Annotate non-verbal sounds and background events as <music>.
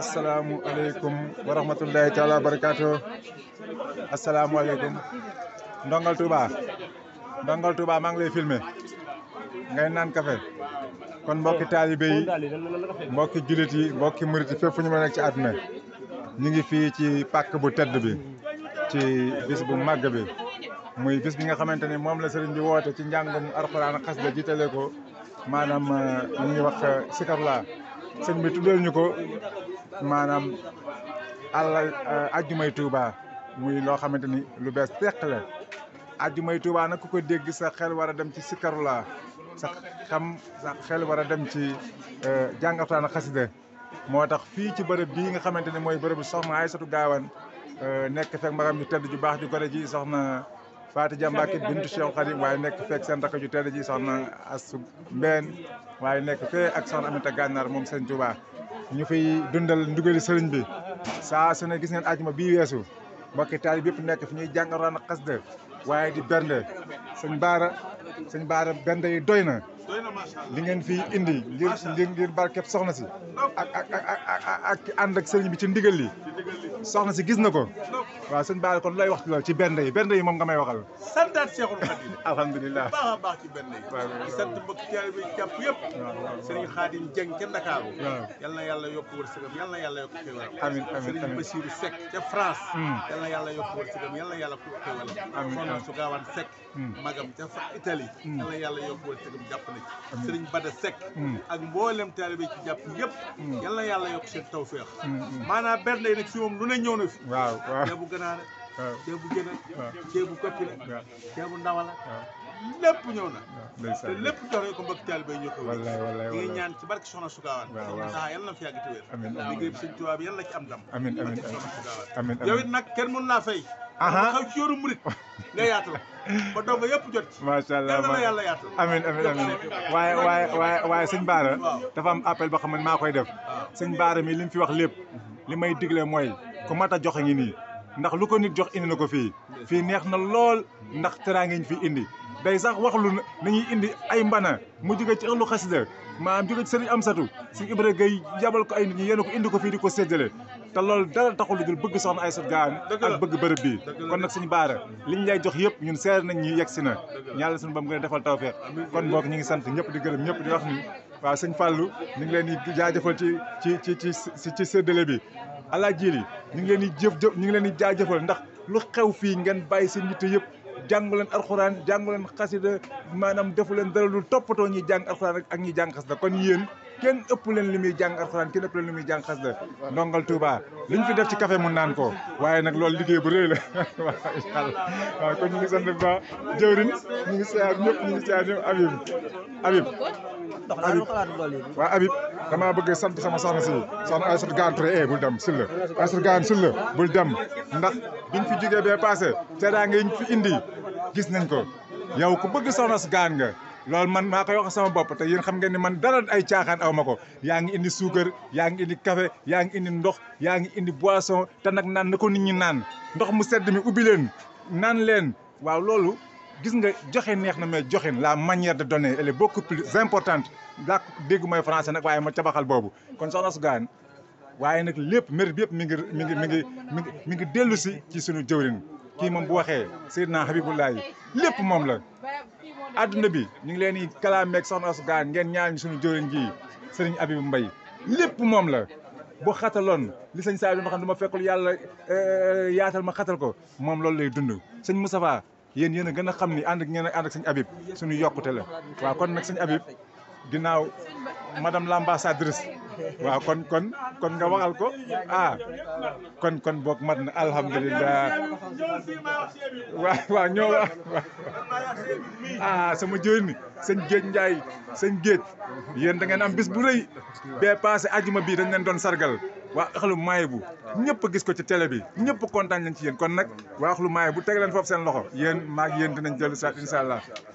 asalaamualeykum wa rahmatullahi taala wa barakaatu asalaamualeykum ndongal Touba ndongal Touba maa ngi lay filmer ngay naan kafe kon mbokki taalibe yi mbokki jullit yi mbokki murit yi fépp fu ñu mën a nekk ci àdduna ñu ngi fii ci pàkk bu tedd bi ci bis bu màgg bi muy bis bi nga xamante ni moom la sëriñ bi woote ci njàngum alxuraan xasida jiitale ko maanaam euh, ñu ngi wax euh, sikarla sëñ bi tuddal ñu ko maanaam àllal eh, ajjumay Touba muy lo xamanteni lu bes tek la ajjumay Touba nak kuko deg sa xel wara dem ci sikkarulaa sa xam sa xel wara dem ci eh, jangatan xasida motax fi ci bërëb bi nga xamanteni moy mooy bërëbu soxna Aysatu Gaawan eh, nekk fekk magam ju tedd ju bax ju gore ji soxna fatou jambaké bintou Cheikh khadim waaye nek fek sen rak ju tedd ji soxna Asu ben, waaye nek fee ak soxna amita gannar mom sen Touba ñu fiy dundal ndugali sëriñ bi saa su ne gis ngeen ajuma bii weesu mbokki taalib yëpp nekk fi ñuy jàngaroon xasida waaye di bernde sëñ baara sëñ baara bernde yi doy na li ngeen fi indi ngir ngir barkeb soxna si ak ak ak ak ànd ak sëriñ bi ci ndigal li soxna si gis na ko waaw sëñ la kon looy wax ci benn yi benn yi moom nga may waxal santaat Seexul Xadim <laughs> alhamdulilah baax a baax ci benn yi di sant mbokk taalibe yi jàpp yëpp sëriñ Xadim Jeng ca Ndakaaru yal na yàlla yokk wërsëgam yal na yàlla yokk xéwal amiin amiin sëriñ Basiru Seck ca France hmm. yal na yàlla yokk wërsëgam yal na yàlla ko xéwal amiin soxna su gaawaan Seck hmm. magam ca Italie hmm. yal na yàlla yokk wërsëgam jàpp na ci sëriñ Bada Seck ak mboolem taalibe yi ci jàpp yëpp yal na yàlla yokk seen tawféex maanaam benn yi nag ne ñëw na fi. waaw waaw ceebu ganaar waaw ceebu jën waaw ceebu koppi la. ceebu ndawala lépp ñëw na. te lépp jox nañ ko mbokk taalibe yi ñoo ko wér. ngi ñaan ci barke Soxna Sugaawaan. waaw waaw sax yal na fi yàgg te wér. amiin amiin liggéey bi sëñ Tuubaa bi yal na ci am ndam. amiin amiin amiin yow it nag kenn mën laa fay. xaw ci yoonu murit <laughs> nga yaatal ba dong yëpp jot ci. macha allah ma yàlla yaatal. amiin amiin amiin waaye waaye waaye waaye sëñ Baara. dafa am appel boo xam ne maa koy def. sëñ Baara mi li mu fi wax lépp. Mhm. li may digle mooy ko mata joxe ngi ni ndax lu ko nit jox indi nako fi fi neex na lol ndax teraange ñu fi indi day sax wax lu nañuy indi ay mbana mu joge ci ëllu ma maam joge ci am amsatu si ibra gay jabal ko ay nit ñi yeen ko indi ko fi di ko séddale te loolu dara taxul lu dul bëgg soxna ay sot gaan ak bëgg bërëb bi kon nak suñu baara liñ lay jox yépp ñun sér nañ ñi yegg na ñaala suñu bam gën defal tawfiq kon bok ñi ngi sant ñëpp di gërëm ñëpp di wax ni wa sëñ Fallou ñu ngi leen di jaajeufal ci ci ci ci sédélé bi alaaji yi ñu ngi di jëf jëf ñu ngi leen di jaajëfal ndax lu xew fii ngeen bàyyi seen yitte yëpp jàngu leen alxuraan jàngu leen xasida maanaam defu leen dara lu toppatoo ñuy jàng rek ak ñi jàng xasida kon yéen ken ëpp leen li muy jàng alxuraan kenn ëpp leen li muy jàng xas la ndongal Touba liñ fi def ci café mu naan ko waaye nag loolu liggéey bu rëy la <laughs> waaw incha kon ñu ngi sant bu baax jëwrin ñu ngi siyaar ñëpp ñu ngi siyaar ñëpp abib abib abib waaw abib damaa bëgg sant sama soxna si soxna Aïssatou Gane Touré e bul dem sul la Aïssatou Gane sul la bul dem ndax biñ fi jógee bee passé seedaa nga ñu fi indi gis nañ ko yow ku bëgg soxna si gaan nga loolu man maa koy wax sama bopp te yéen xam ngeen ni man dara ay caaxaan aw ma ko yaa ngi indi suukar yaa ngi indi café yaa ngi indi ndox yaa ngi indi boisson te nag naan na ko nit ñi naan ndox mu sedd mi ubbi leen naan leen waaw loolu gis nga joxe neex na mais joxe la manière de donner ele est beaucoup plus importante daa dégg mooy français nag waaye ma cabaxal boobu kon soxna su gaan waaye nag lépp mbir bi yëpp mi ngi mi ngi mi ngi mi ngi mi ngi dellu si ci sunu jëwrin kii moom bu waxee Seydina Habibullahi lépp moom la àdduna bi ñu ngi leen di kalaameeg soxna su ngeen ñaar ñaan suñu jëriñ ji sëriñ Abibu Mbay lépp moom la bu xataloon li sëñ saa doon xam du ma fekkul yàlla eh, yaatal ma xatal ko moom loolu lay dund sëñ Moustapha yéen yéen a gën a xam ni ànd ak ngeen ànd ak sëñ Abib suñu yokkute la waaw kon nag sëñ Abib ginnaaw madam l'ambassadrice waaw kon kon kon nga waxal ko ah kon kon boog mat na alhamdulilah waaw ñoo waaw ah sama jooy ni seen géej njaay sëñ géej yéen da ngeen am bis bu rëy bee passé ajuma bii dañ leen doon sargal waa axlu maay bu ñëpp gis ko ci télé bi ñëpp kontaan nañ ci yéen kon nag waa axlu maay bu teg leen seen loxo yéen maag yéen dinañ jël sa incha